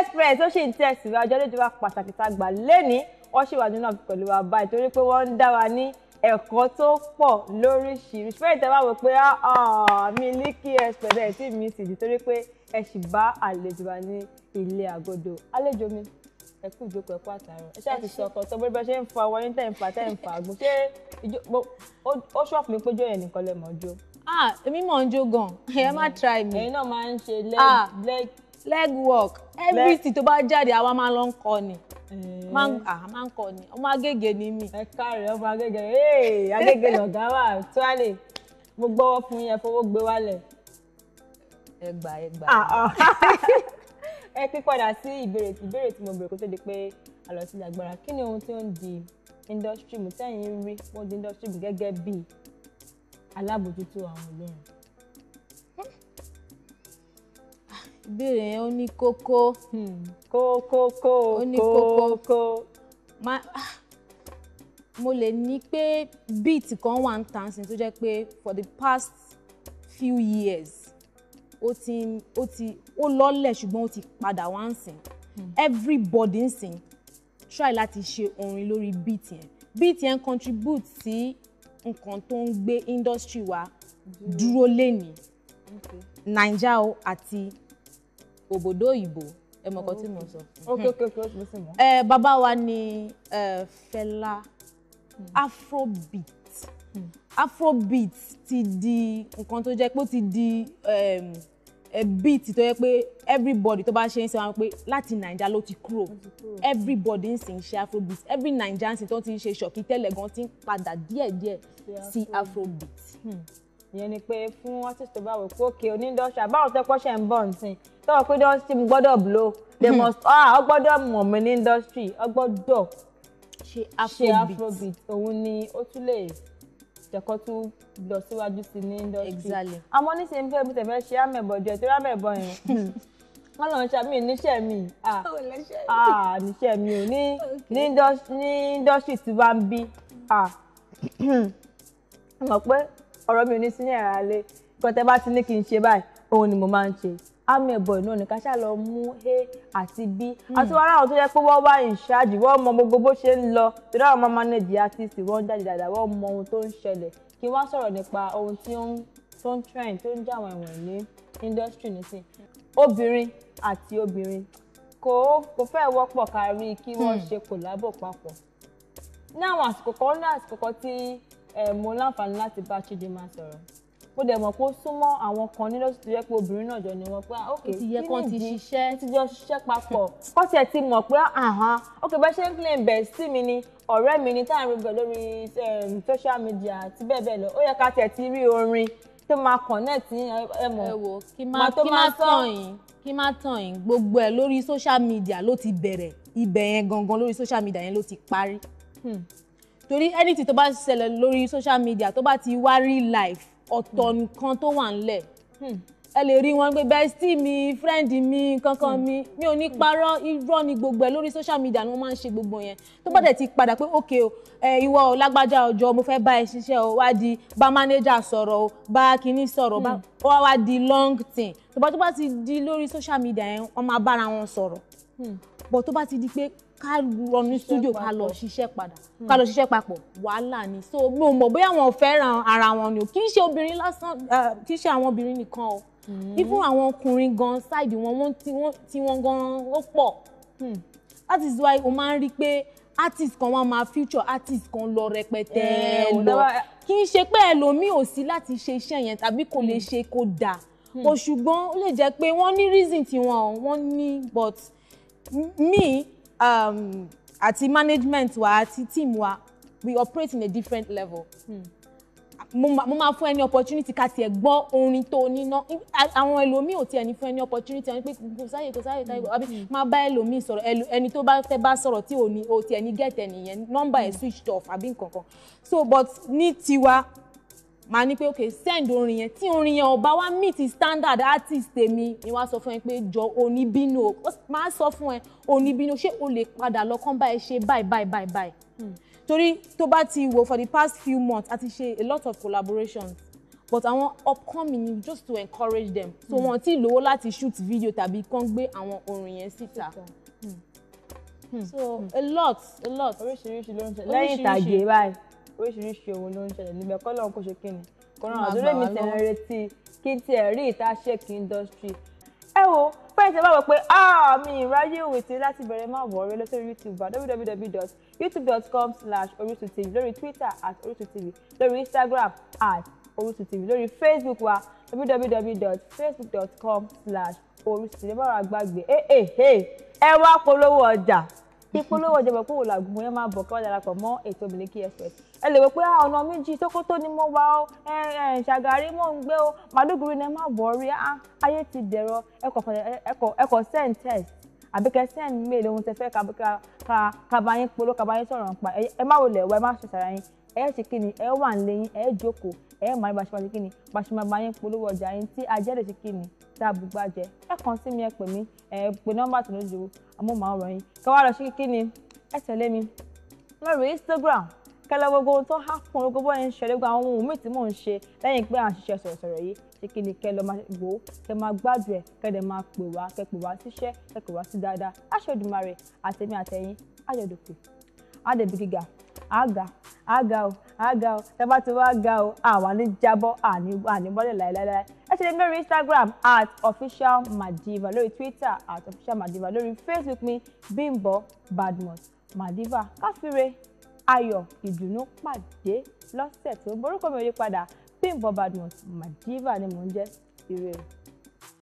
express ó sì ń tẹ̀síwájú ọjọ́ lójú wa pàtàkì tá a gbà lẹ́ni wọ́n sì wà nínú pẹ̀lú wa báyìí torí pé wọ́n ń dá wa ní ẹ̀kọ́ tó pọ̀ lóríṣiríṣi fẹ́ẹ̀ tẹ́ bá wò pé Miliki Express ẹ̀ tí mi sì di torí pé ẹ sì bá àlejò wa ní ilé àgọ́dọ̀ àlejò mi ẹ kú ìjókòó ẹ kú àtàrọ ẹ ṣáà ti sọ ọkọ tó bó bá ṣe ń fa ọwọ́ yín tẹ̀ ń fa tẹ̀ ń fa àgùn ṣé ó ṣọ́ọ̀fù mi péjọ yẹn nìkan lẹ mọ̀ jó. ah èmi mọ̀ ń jó gan-an ẹ mm. má try me. ẹ̀yin náà máa ń ṣe ah. lẹ́ẹ̀kì leg work everything tó bá jáde àwa máa lọ ń kọ ni eh. máa ń kọ ni ọmọ agége ni mi. ẹ káàárẹ̀ ọmọ agége ee agége lọ̀gá wà tíwálè mo gbọ́wọ́ fún yẹn fowó gbé wálẹ̀. ẹ gbà ẹ gbà. Ah, ah. ẹ pípadà sí ìbéèrè ìbéèrè tí mo béèrè kó tó di pé àlọ́ sílẹ̀ agbára kí ni ohun tí ó ń di industry mu tẹ́yìn ń rí wọ́n di industry mu gẹ́gẹ́ bíi alábòjútó àwọn olórin. ìbéèrè yẹn ó ní kókó. Hmm. kókó kókó kókó. Ah, mo lè ní pé beat kan wà ń tàn sí tó jẹ́ pé for the past few years ó ti ó ti ó lọ́lẹ̀ ṣùgbọ́n ó ti padà wá ń sìn hmm. everybody ń sìn try láti ṣe orin lórí beat yẹn beat yẹn contribute sí nǹkan tó ń gbé industry wa dúró lénìí naija àti òbòdó òyìnbó ẹ mọ̀ kan tí mo sọ. ẹ bàbá wa ni Fẹlá hmm. afrobeat hmm. afrobeat ti di nǹkan tó jẹ́ pé ó ti di beat tó yẹ pé everybody tó bá ṣe ń ṣe wọn pé láti naija ló ti kúrò everybody ń sìn ṣe afrobeat every nigerian sì tó ti ń ṣe ṣọ̀kí tẹ́lẹ̀ gan ti ń padà díẹ̀díẹ̀ sí afrobeat. Hmm. ìyẹn ni pé fún artist tó bá wò pé òkè onídọ́ṣà báwo tẹ́pọ́ ṣe ń bọ̀ nsìn sọ pé industry mo gbọ́dọ̀ blow they hmm. must ah ọ gbọ́dọ̀ mọ̀ mí ní industry ọ gbọ́dọ̀ ṣe afrobeat òun ni ó tún lè jẹ́kọ́ tún lọ síwájú sí ní industry àmọ́ níṣẹ́ ní fẹ́ẹ́ bí tẹ̀fẹ́ ṣe àmẹ̀bọ̀jọ ètò àmẹ̀bọ̀ yẹn wọ́n lọ ṣe àmì níṣẹ́ mi níṣẹ́ mi ò ní ní industry tí wàá ń bí ah. mọ̀ pé ọ̀rọ̀ mi ò ní sí ní ẹ̀rọ alẹ́ kọ́tẹ́ bá ti ní kí n ṣe báyìí òun ni mo máa ń ṣe amẹ̀bọ̀ ìnáwó nìkan ṣáà lọ mú a àti b àti wọn aráàlú tó yẹ pé wọ́n wá ìṣáàjì wọ́n mọ gbogbo bó ṣe ń lọ torí àwọn máa manage artist wọ́n jáde dáadáa wọ́n mọ ohun tó ń ṣẹlẹ̀ kí wọ́n sọ̀rọ̀ nípa ohun tí ó ń tó ń trend tó ń jà àwọn ìwọ̀n ní industry nísìn obìnrin àti obìnrin kò kò fẹ́ wọ́pọ̀ ká rí kí wọ́n hmm. ṣe kòlábò papọ̀ ní àwọn àsìkò kan ní àsìkò kan tí eh, mo láǹfààní láti bá Chidinma sọ̀rọ̀ mo dẹ̀ mọ̀ pé súnmọ́ àwọn kan nílò tó yẹ pé obìnrin náà jọ ni wọ́n pé ah, ok kí ni ìdí ti jọ ṣiṣẹ́ papọ̀ kọ́ tiẹ̀ ti mọ̀ pé àhán ok bá ṣe ń claim bẹ̀ sí mi ni ọ̀rẹ́ mi ni tá à ń rí bẹ̀ lórí ehm, social media àti bẹ́ẹ̀ bẹ́ẹ̀ lọ ó yẹ ká tiẹ̀ ti rí orin tó máa connect ẹ mọ̀ máa tó máa sọ kí má tàn yín gbogbo ẹ lórí social media ló ti bẹ̀rẹ̀ ibẹ̀ yẹn gangan lórí social media yẹn ló ti parí. Hmm. torí anything tó bá ṣẹlẹ̀ lórí social media tó bá ti wá real life ọ̀tọ̀ nǹkan tó wà ńlẹ̀ hmm. ẹ lè rí wọn pé bestie mi friend mi kankan mi hmm. mi ò ní parọ́ irọ́ ni gbogbo ẹ̀ lórí social media ni wọ́n máa ń ṣe gbogbo yẹn tó bá dẹ̀ ti padà pé ok o ìwọ o lágbájá ọjọ́ mo fẹ́ bá ẹ ṣiṣẹ́ o wá di bá manager sọ̀rọ̀ o bá kinní sọ̀rọ̀ o hmm. wá di long thing tó bá tó bá ti di lórí social media yẹn wọ́n máa bára wọn sọ̀rọ̀ but tó bá ti di pé ká lọ ní studio ká lọ ṣiṣẹ́ padà hmm. ká lọ ṣiṣẹ́ papọ̀ wàhálà ni so mo mọ̀ bóyá wọn fẹ́ràn ara wọn ni o kì í ṣe obìnrin lásán kì í ṣe àwọn obìnrin nìkan o hmm. even àwọn ọkùnrin gan ṣáìdì wọn tí wọn gan ó pọ̀ hmm. that is why o máa ń rí pé artist kan wá máa future artist kan lọ rẹpẹtẹ eh, lọ eh, kì í ṣe pé ẹlòmíì ò sí láti ṣe iṣẹ́ yẹn tàbí kò lè ṣe kó dáa kò ṣùgbọ́n ó lè jẹ́ pé wọ́n ní reason tiwọn wọ́n ní but me um, the management wa the team wa we operate in a different level. Hmm mo máa fún ẹ ní opportunity ká tiẹ̀ gbọ́ orin tó ní ná àwọn ẹlòmíì ò tiẹ̀ ní fún ẹ ní opportunity ẹni pé kò sáyè kò sáyè táyé àbí hmm. máa bá ẹlòmíì sọ̀rọ̀ ẹni tó bá fẹ́ bá sọ̀rọ̀ tí ò ní o tiẹ̀ ní gẹ̀tẹ̀ nìyẹn nọ́mbà ẹ̀ hmm. switched off àbí nǹkan kan so but ní tiwa màá ní pé okay send orin yẹn tí orin yẹn ò bá wá meet standard artist tèmi ni wàá sọ fún ẹ pé jọ oníbínú o máa sọ fún ẹ oníbínú ṣé o lè padà lọ kán bá ẹ ṣe báyìí báyìí báyìí báyìí hmm. torí tó bá ti wo for the past few months a ti ṣe a lot of collaborations but àwọn upcoming just to encourage them so hmm. wọn ti lówó láti shoot video tàbí kán gbé àwọn orin yẹn síta. Hmm. so a lot a lot. oríṣiríṣi ló ń ṣe lẹ́yìn ìtàgé báyìí oríṣiríṣi ohun ló ń ṣẹlẹ̀ níbẹ̀ kọ́ lọ́run kó ṣe kí ni kò ràn àdúrà mi tẹ̀ ń retí kí n tiẹ̀ rí ìta ṣẹ́ẹ̀kì industry ẹ wo báyìí tẹ bá wọ pé ah, mi ìráyè òwìtí láti bẹ̀rẹ̀ máa wọ̀ ọ́rẹ́ lọ́sọ̀rọ̀ youtube at www.youtube.com slash orisun tv lórí twitter at orisun tv lórí instagram at orisun tv lórí facebook wa www.facebook.com slash orisun tv báwa gbàgbé ẹ wá polówó ọjà ìpolówó ọjà bọ̀ kó wò làgùn yẹn máa bọ̀ kí wọ́n darapọ̀ mọ́ ètò Miliki Express ẹ lè wò pé ah, ọ̀nà méjì Sókótó ni mo wà ó Ṣàgárí mò ń gbé o Màdúgùrí ni ẹ má bọ̀ rí ah, ayé ti dẹ̀rọ ẹkọ̀ send text àbí kẹ send mail ohun tẹ fẹ́ kaba yín polo kaba sọ̀rọ̀ nípa ẹ má wọlé ẹ̀wọ̀ ẹ má ṣe sàrà yín ẹ ṣe kí ni ẹ wà ń lẹ́yìn ẹ jókòó ẹ má rí bàṣẹ kí ni bàṣẹ máa bá yín ọjà yín tí ajẹ́ lè ṣe kí ni tá a bù gbàjẹ́ ẹ kàn sí mi ẹ pè mí ẹ pè nọ́mbà tó lójú amóhùnmáwòrán yín kẹ lọ sí kí ni ẹ tẹ̀lé mi lórí Instagram kẹlẹ gbogbo ohun tó há fún gbogbo bọ́ ẹ̀ ń ṣẹlẹ̀ gbogbo àwọn ohun míì tí mò ń ṣe lẹ́yìn pé à ń ṣiṣẹ́ sọ̀rọ̀sọ̀rọ̀ yìí ṣé kí ni kẹ lọ máa wò ó kẹ máa gbádùn ẹ̀ kẹ dẹ̀ máa pè wá kẹ pè wá síṣẹ́ kẹ pè wá sí dáadáa aṣèdùmarè àtẹ̀mí àtẹ̀yìn ayọ̀dọ̀pẹ̀ àdẹ̀bí gíga àga àga o àga o tẹ bá ti wá e, ga o àwa ní jábọ́ àní àní bọ́lẹ̀ láéláé ẹ ṣe lè mi lórí Instagram at official madiva lórí Twitter at official madiva lórí Facebook mi Bimbo Badmus Madiva káfíre ayọ̀ ìdùnnú pàdé lọ́sẹ̀ tó ń borúkọ mi ò yí padà Bímbọ́ Badmus Madiva ni mò ń jẹ́ ire.